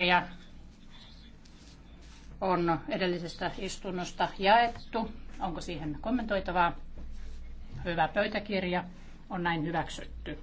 ja on edellisestä istunnosta jaettu. Onko siihen kommentoitavaa? Hyvä pöytäkirja on näin hyväksytty.